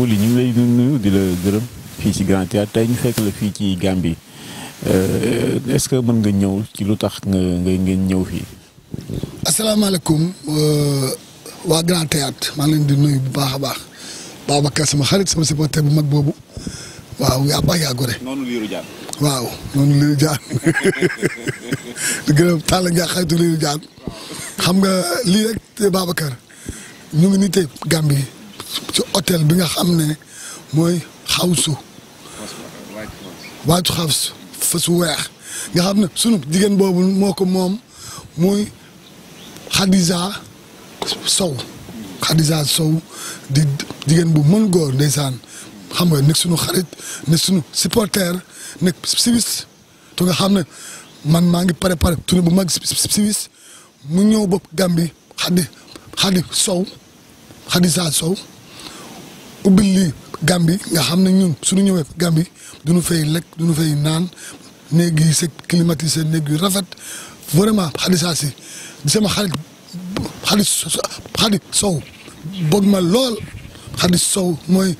Wuli ñu ngi lay nuyu di la gërëm fii ci Grand Théâtre tey ñu fekk la fii ci Gambie euh, est-ce que mën nga ñëw ci lu tax nga nga ñëw fii. asalaamaaleykum euh, waa Grand Théâtre maa leen di nuyu bu baax a baax Babacar sama xarit sama supporter bu mag boobu waaw yaa baax yaa gore. noonu liiru jàpp. waaw noonu liiru jaan di gërëm Talla Ndiaye xaytu liiru jaan xam nga lii rek Babacar ñu ngi nii tey Gambie ci hôtel bi nga xam ne mooy xawsu waaju xawsu fa su weex nga xam ne sunu jigéen boobu moo moom muy Khadija Sow Khadija Sow di jigéen bu mën góor ndeysaan xam nga nekk sunu xarit nekk sunu supporter nekk Suisse te nga xam ne man maa ngi préparé tournée bu mag Suisse mu ñëw bopp Gambie xadi xadi sow xadi saa sow ubbil lii Gambie nga xam ne ñun suñu ñëwee Gambie dunu fay lekk duñu fay naan néeg yi c'est climatisé néeg yu rafet vraiment xadi saa si di sama xarit sow bëgg ma lool xadi sow mooy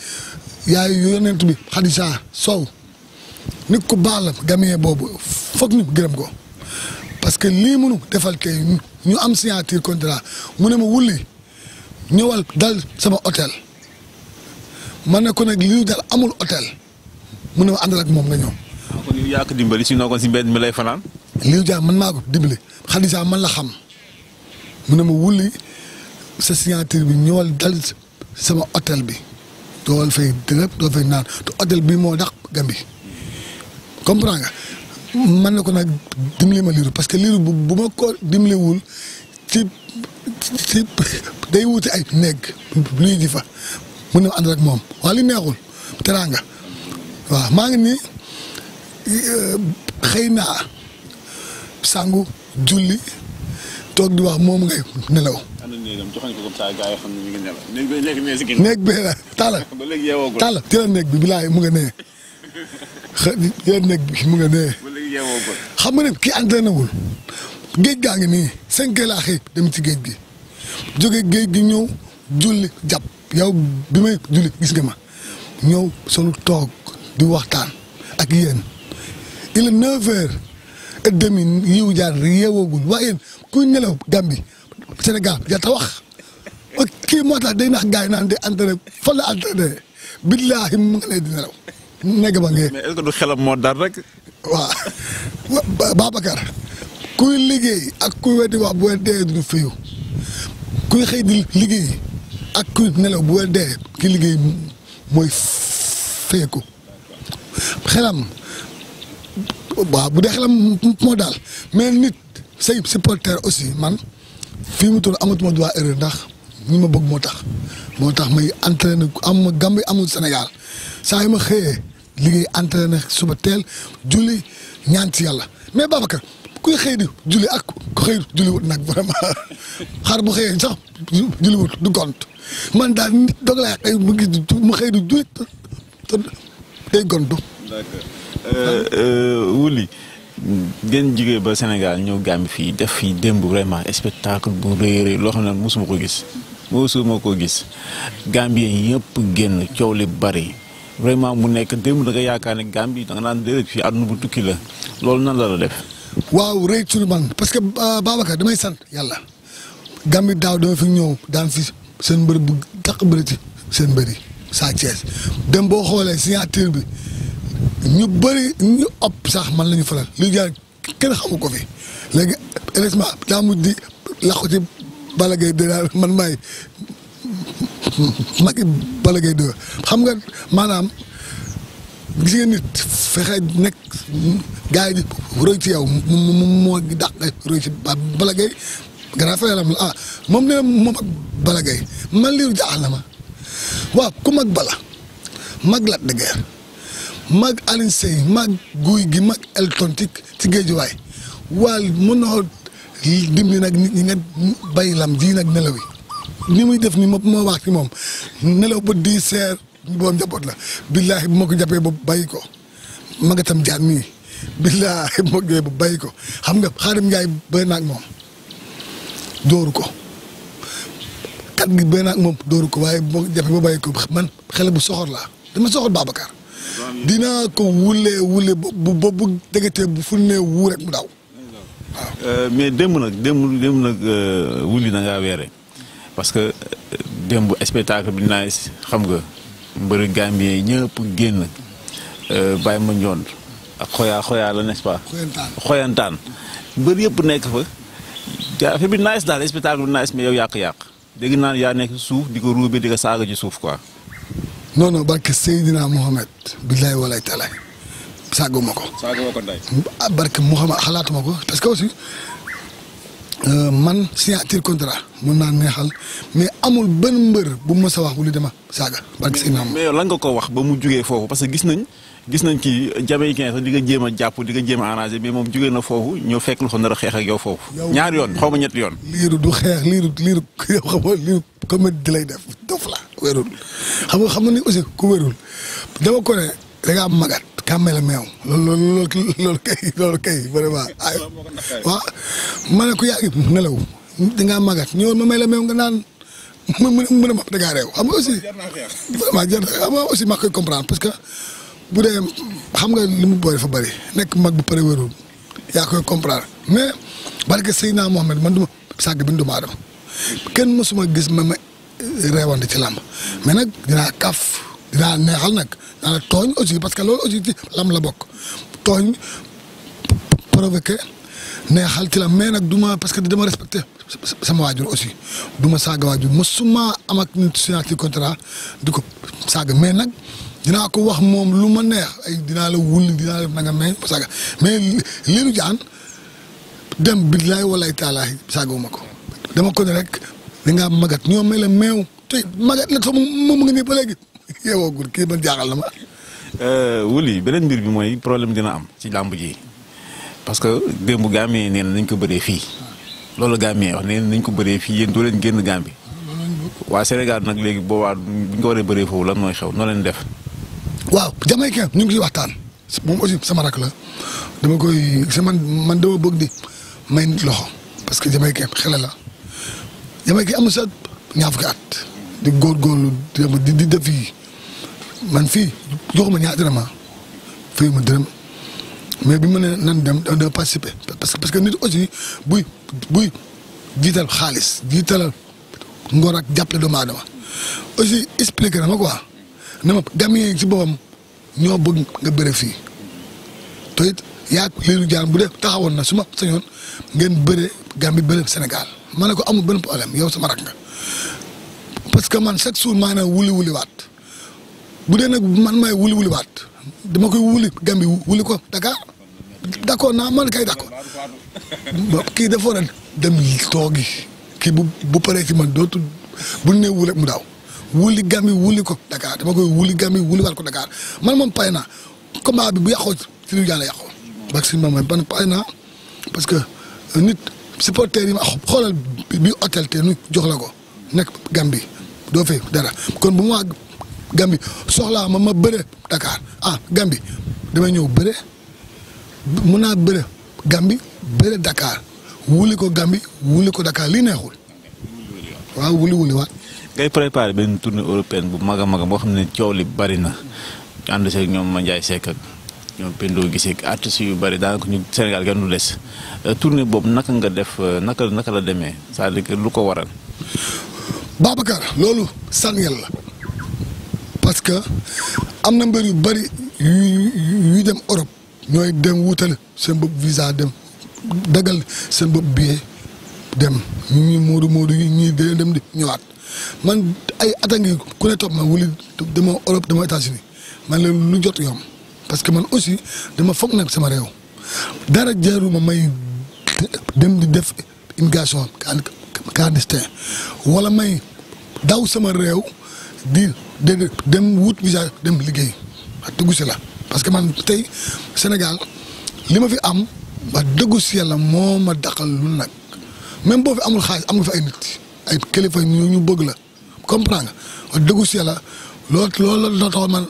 yaayu yonent bi xadi saa sow nit ko baax la Gamien boobu foog ñu gërëm ko parce que lii mënu defal tey ñu am signature contrat mu ne ma wulli ñëwal dal sama hôtel man ne ko nag li ñu dal amul hôtel mu ne ak moom nga ñëw. Ah, kon dimbali si noo ko si fanaan. li ñu jaar man maa ko dimbali Xadija man la xam mu ne ma wulli sa signature bi ñëwal dal sama otel bi doo fay dërëb doo fay naan te hôtel bi moo dax Gambie. comprends nga man na ko nag dimbali ma liiru parce que liiru bu bu ma ko dimbaliwul ci ci day wuti ay néeg luy ji fa mun na ànd rek moom waa li neexul teraanga waaw maa ngi ni xëy naa sangu julli toog di wax moom ngay nelaw. am néeg bee nekk nee si ginnaaw. la tala. ba léegi yeewoo ko bi mu nga nee. xa yéen mu nga xam nga ne kii entraîné wul géej gaa ngi nii cinq heures laa xëy dem ci géej gi jóge géej gi ñëw juli jàpp yow bi may julli gis nga ma ñëw solu toog di waxtaan ak yéen il est neuf heures et demi yiw jaar yeewoogul waaye yéen kuy nelaw Gambie Sénégal yaa tax wax kii moo tax day nax gars yi naan di entraîné fan la billaahi mu nga ne di nelaw neg ba ngeen. mais est du xelam moo dar rek. waaw Babacar kuy liggéey ak kuy weddi du fayu liggéey ak kuy nelaw bu dee ki liggéey mooy feeku xelam waaw bu dee xelam moo daal mais nit say supporter aussi man fii mu toll amatuma droit erreur ndax ñi ma bëgg moo tax moo tax may entraîné am Gambie amul Sénégal saa yu ma xëyee. liggéey entraîneur suba tel julli ñaan ci yalla mais babaka kuy xëy di julli ak ku julli wut nak vraiment xar bu xëyee sax julli wut du gont man da dog la xey mu ngi mu xëy du jullit te day gont du d'accord euh, euh, Wouly gën jigé ba Sénégal ñëw gam fi def fi demb vraiment spectacle bu rëy rëy loo xam ne ko gis musuma ko gis Gambien yëpp génn coow li bari. vraiment mu nekk démb da nga yaakaar ne Gambie da nga naan fi fii àdduna bu tukki la loolu na la la def. waaw rëy sunu man parce que euh, Babacar damay sant yàlla Gambie daaw dama fi ñëw daan fi seen mbër bu dàq bëri ci seen bëri yi Sa Thiès dem boo xoolee si signature bi ñu bëri ñu ëpp sax man lañu ñu faral li jaar kenn xamu ko fi léegi heureusement daa mujj di làqu ci Balla Gaye de daal man maay mag i Balla Gaye 2 xam nga maanaam gis nit fexe nekk gars yi di roy ci yow mu moo dàq roy ci Balla Gaye grand ah, na moom ak Balla Gaye man liiru ma wa ku mag bala mag Lac de Guiers mag Alioune mag guy gi mag Elton ci ci géejuwaay waaye mën na dimbali nag nit ñi nga bay lam nag nelaw yi li muy def ni ma ma wax ci moom nelaw ba di seer boo njaboot la billaahi bu ma ko jàppee ba bàyyi ko ma nga tam jaan nii billaahi bu ma ko jàppee ba bàyyi ko xam nga xaarim bay naag moom ko kat gi bay naag moom dóoru ko waaye bu ma ko jàppee ko man xele bu soxor la dama soxor Babacar dinaa ko wulee wule bu bu bu dëggatee bu fu nee wuu rek mu daaw euh, mais dem nag démb démb nag euh, wuli na weere parce que euh, démb spectacle bi naa xam nga mbëri Gambien yi ñëpp génn euh, bàyyi ma njoon ak xoyaa xoyaa la nest xoyantaan mbër yëpp nekk fa. ja affaire bi nice daal spectacle bi nice mais yow yàq-yàq dégg naa yaa nekk suuf di ko ruube di ko saaga ci suuf quoi. non non barke Seydina Mohamed. billahi walay talaay. saaguma saaguma ko ah, barke Mohamed xalaatuma ko parce que aussi. Euh, man signature contrat mun naa neexal mais amul benn mbër bu mës a wax wu li dema saaga. barke si naam mais yow lan nga ko wax ba mu jugee foofu parce que gis nañ gis nañ ci jamaïcain sax di nga jéem a jàpp di nga jéem a arrangé mais moom jugee na foofu ñoo fekk lu ko nar a xeex ak yow foofu. ñaar yoon xaw ma ñetti yoon. liiru du xeex liiru liiru yow xam nga lay def dof la xam nga xam nga ni aussi ku wérul dama ko da nga am magat kàmmale meew loolu loolu loolu kay loolu kay vraiment ay waaw ma ne ko yaa nelaw da ngaa magat ñëwoon ma may la meew nga naan mu mu mu ne ma da ngaa réew xam nga aussi vraiment jar xam nga aussi ma koy comprendre parce que bu dee xam nga li mu boole dafa bëri nekk mag bu pare wérul yaa koy comprendre mais barke Seydina Mohamed man duma sàgg bi duma adam kenn mësuma gis ma ma ci làmb mais nag dinaa kaf dinaa neexal nag naa la tooñ aussi parce que loolu aussi ci lam la bokk tooñ provoqué neexal mais nag du ma parce que dama respecté sama waajur aussi du ma saaga waajur mosuma am ama nit signé ci contrat di ko saaga mais nag dinaa ko wax moom lu ma neex ay dinaa la wulli dinaa def nanga mais saaga mais liiru jaan dem billaay walaay taalaay saagawuma ko dama ko rek da ngaa magat ñoo may la meew te magat la sama moom mu ngi nii ba léegi yeewoogul kii man jaaxal na ma. Euh, Wuli beneen mbir bi mooy problème dina am ci làmb ji parce que démb Gambie nee nañ ko baree fii loolu Gambie wax nañ ko baree fii yéen doo leen génn Gambie waaw Sénégal nag léegi boobaa bu ñu ko waree bëree foofu lan mooy xew noo leen def. waaw Jamaïcain ñu ngi waxtaan moom aussi sama rak la dama koy man man dama bëgg di may loxo parce que Jamaïcain xel la Jamaïcain am na sa ñaar fukki at di góorgóorlu di def yi man fii joxuma ñaar fii ah, fayuma dërëm mais bi ma ne nan dem da participer parce que parce que nit aussi buy buy jiital xaalis jiitalal ngor ak jàppale doomu aadama aussi expliqué na ma quoi ne ma gamins yi ci boppam ñoo bëgg nga bëre fii te it yaa liiru jaan bu dee taxawoon na su ma sañoon ngeen bëre Gambie bëre Sénégal ma ne ko amul benn problème yow sama rak nga parce que man chaque jour maa ne wuli wuli waat bu dee nag man maay wuli wuli waat dama koy wuli Gambie wuli ko Dakar d' naa man kay d' accord kii dafa war dem toogi kii bu bu paree ci man dootul bu ne wuli mu daaw wuli Gambie wuli ko Dakar dama koy wuli Gambie wuli waat ko Dakar man moom pay naa combat bi bu yàqoo ci lu yàlla yàqoo. bak si maman man pay naa parce que nit supporters yi ma xoolal bi hôtel te nu jox la ko nekk gambi doo fay dara kon bu mu ma. Gambie soxlaa ma ma bëre Dakar ah Gambie damay ñëw bëre mun naa bëre Gambie bëre Dakar wuli ko gambi wuli ko Dakar lii neexul waaw wuli wuli wax ngay préparé benn tournée européenne bu mag a mag boo xam ne coow li bari na ñu ñoom Mandiaye Seck ak ñoom Pendo gisee ak yu bari daanaka ñu Sénégal kenn des euh, tournée boobu naka nga def euh, naka naka la demee cest à lu ko waral. Babacar loolu sànniyal la. parce que am na mbër yu bëri yu yu dem Europe ñooy dem wutale seen bopp visa dem dagal seen bopp billet dem ñu moodu moodu yi ñuy dem di ñëwaat man ay at a ngi ku ne topp ma wuli dama Europe dama États-Unis man leen lu jot yoom parce que man aussi dama foog nag sama réew dara jaruma may dem di def immigration clandestin wala may daw sama réew di dégg nga dem wut visa dem liggéey wax dëggu si la parce que man tey Sénégal li ma fi am wax dëggu si yàlla moo ma daqal lu nag même boo fi amul xaalis am nga fi ay nit ay kilifa ñu ñu bëgg la comprendre nga wax dëggu si yàlla loolu loolu la taxoon man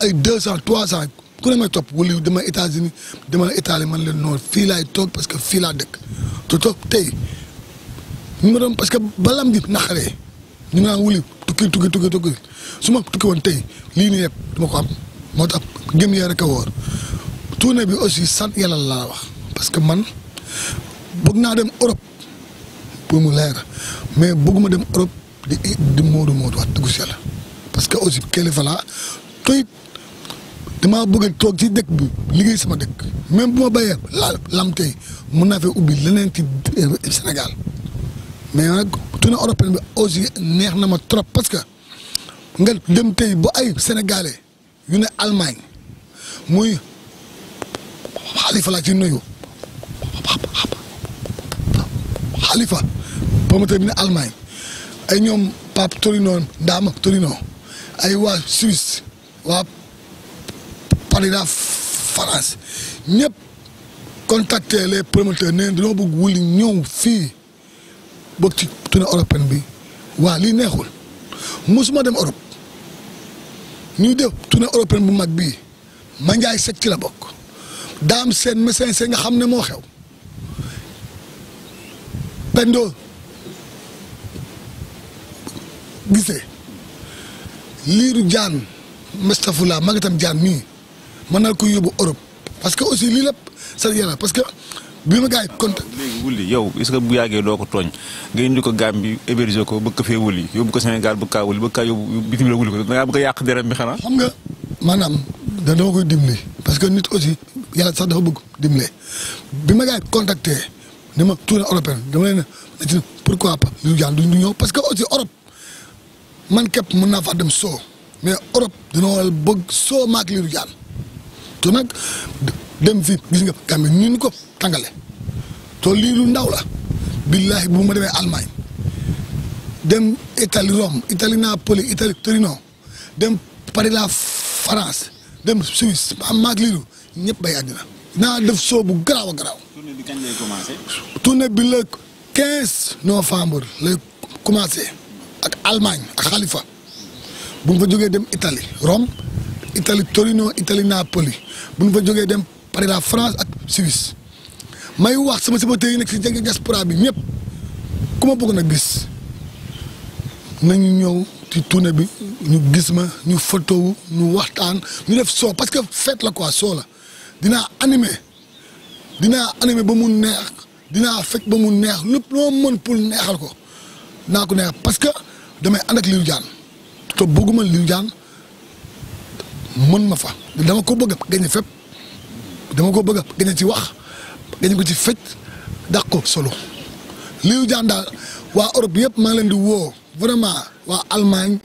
ay deux cent trois cent ku ne may topp wala dama États-Unis dama Italie man leen noonu fii laay toog parce que fii laa dëkk te toog tey ñu ma doon parce que balam bi naqaree ñu naan wuli tukki tukki tukki tukki su ma tukki woon tey lii nii yëpp dama ko am moo tax gëm yaa rek a wóor bi aussi sant yàlla laa wax parce que man bëgg naa dem Europe pour mu leer mais bëgguma dem Europe di di Modou Modou wax dëggu si yàlla parce que aussi kilifa laa tey damaa bëgg toog ci dëkk bi liggéey sama dëkk même bu ma béyee la lam tey mun naa fee ubbi leneen ci Sénégal mais nag tournée européenne bi aussi neex na ma trop parce que nga dem tey bu ay sénégalais yu ne Allemagne muy xalifa laa ci nuyu xalifa promoteur bi ne Allemagne ay ñoom Pape Torino Ndaama Torino ay waa Suisse waa Paris la France ñëpp contacter les promoteurs nee dañoo bëgg wuli ñëw fii. bokk ci tournée européenne bi waa lii neexul mosuma dem Europe ñuy def tournée européenne bu mag bii Mandiaye set ci la bokk daam seen médecin seen nga xam ne moo xew Pendo gisee liiru jaan Mestafula maa ngi tam jaan nii mën na ko yóbbu Europe parce que aussi lii lépp sa yàlla parce que bi ma gars yi kon. léegi wulli yow est ce bu yàggee doo ko tooñ nga indi ko Gambie héberger ko bëgg ko fee wulli yóbbu ko Sénégal bëgg kaa wulli bëgg kaa yóbbu bitim la wulli ko da ngaa bëgg yàq deram bi xanaa. xam nga maanaam da koy dimbali parce que nit aussi yàlla sax dafa bëgg dimbali bi ma gars yi ma tournée européenne dama leen ne ci pourquoi pas ñu ñëw parce que aussi Europe man képp mën naa faa dem soo mais Europe dañoo soo maak liiru jaan te nag dem fii gis nga Gambie ñun ko. tàngale te lii ndaw la billaahi bu ma demee Allemagne dem Italie Rome Italie Napoli Italie Torino dem Paris la France dem Suisse am maag lii lu ñëpp bay àddina naa def soo bu garaaw a garaaw. tournée bi kañ lay commencé. novembre lay commencé ak Allemagne ak Xalifa bu ñu fa jógee dem Italie Rome Italie Torino Italie Napoli bu ñu fa jógee dem Paris la France ak Suisse. may wax sama supporters yi nekk si jege diaspora bi ñëpp ku ma bëgg na gis nañu ñëw ci tournée bi ñu gis ma ñu photo ñu waxtaan ñu def soo parce que fête la quoi soo la dinaa animé dinaa animé ba mu neex dinaa fekk ba mu neex lépp loo mën pour neexal ko naa ko neex parce que damay ànd ak Lirou Diane te bëgguma Lirou Diane mën ma fa dama ko bëgg gañe fépp dama ko bëgg gañe ci wax dañ ko ci fecc dak ko solo liu janda wa europe yep ma len di wo vraiment wa allemagne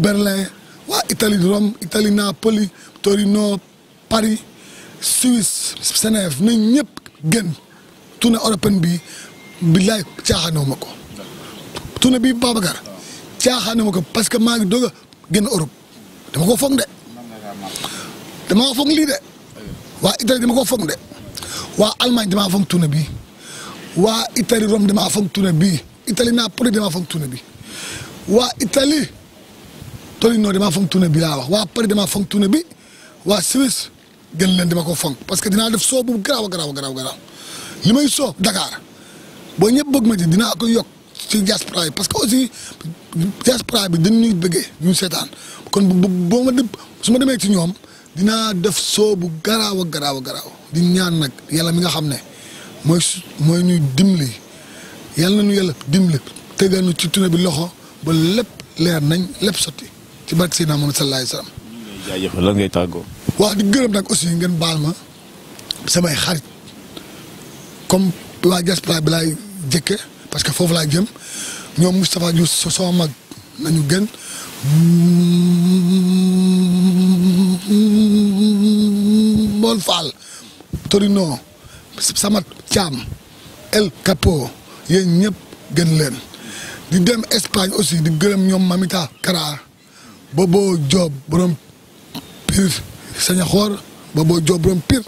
berlin wa italie rome italie napoli torino paris suisse senef ne ñep gën tuna européenne bi billahi tiaxano mako tuna bi babagar tiaxano mako parce que ma ngi doga gën europe dama ko fogg de dama fogg li de wa italie dama ko fogg de waa Allemagne damaa fonk tournée bii waa Italie Rome damaa fonk bii bi Italie Napoli damaa fonk tournée bi waa Italie Torino damaa fonk tournée bi laa wax waa Paris damaa fonk tournée bi waa Suisse gën leen dama ko fonk parce que dinaa def soobu bu garaaw garaaw garaaw garaaw may soob Dakar boo ñëpp bëgg ma ci dinaa ko yokk ci diaspora yi parce que aussi diaspora bi dañ ñuy seetaan kon bu boo ma su ma demee ci ñoom dinaa def soo bu garaaw garaaw garaaw. di ñaan nag yàlla mi nga xam ne mooy mooy ñuy dimbali yàlla nañu yàlla dimbali tëggaanu ci tuna bi loxo ba lépp leer nañ lépp sotti ci barke Seydina Muhammad sallallahu alayhi wa sallam. jaajëf di gërëm nag aussi ngeen baal ma samay xarit comme waa diaspora bi laay jëkke parce que foofu laa jëm ñoom Moustapha Diouf sama mag nañu gën Mbon Fall. Torino Samat Thiam El Capo yéen ñëpp gën leen di dem Espagne aussi di gërëm ñoom Mamita Kara Bobo Diop borom Pire Sañaxoor Bobo Diop borom Pire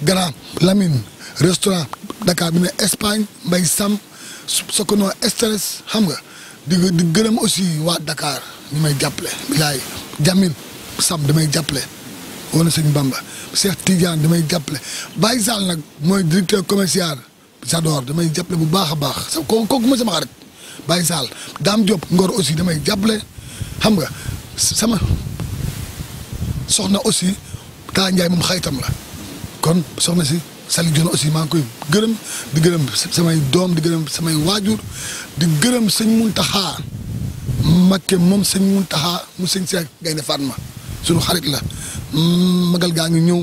Grand Lamine restaurant Dakar bi ne Espagne Mbay Sam Sokono stress xam nga di di gërëm aussi waa dakaar ñu may jàppale bilaay Jamil Sam damay jàppale wala sëñ Bamba Cheikh Tidiane damay jàppale Baye Sall nag mooy directeur commercial j'adore damay jàppale bu baax a baax sa kooku kooku mooy sama xarit Baye Sall Dame Diop Ngor aussi damay jàppale xam nga sama soxna aussi Taa Ndiaye moom xaritam la kon soxna si Sali Dione aussi maa ngi koy gërëm di gërëm samay doom di gërëm samay waajur di gërëm sëñ Muntaxa Mbakke moom sëñ Muntaxa mu sëñ Seex Gaynde Fatma sunu xarit la magal gaa ngi ñëw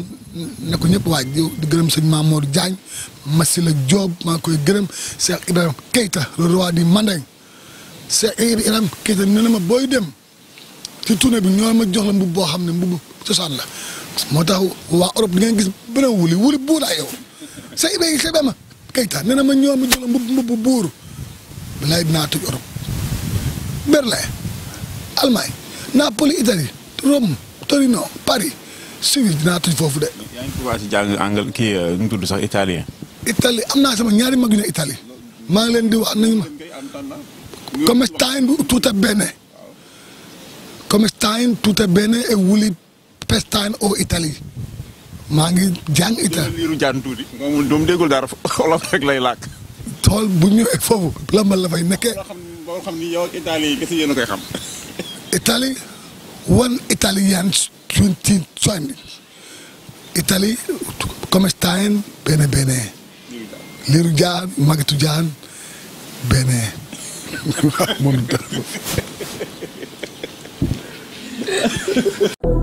ne ko ñëpp waaj di gërëm sëñ Mamour Diagne Massila Diop maa ngi koy gërëm Cheikh Ibrahima Keita le ma booy dem ci tournée bi ñoo ma jox la mbubb boo xam ne mbubb cosaan la moo tax waa Europe di ngeen gis beneen wuli wuli buur laa yow Cheikh Ibrahima Keita nee na ma ñoo ma jox la mbubb mbubb buur bilaay dinaa toj Europe Berlin Allemagne Napoli Italie tori non Paris suivi dina toj fofu de. yaa ngi commencé jàng angal kii euh, nu mu tudd sax italien. italien amna sama ñaari magu ñu ne italien maa ngi len di wax nañu ma comme stein tout est bene comme stein tout est bene et wuli pestein au italie ma ngi jang italien. ñu jang tuti mo dum degul dara xolof rek lay lak tol bu ñu fofu la lambal la fay nekkee. bo xam ni yow ak italien yi kese koy xam. italien. one Italian twenty twenty Italy come stein bene bene liru jaan magitu jaan bene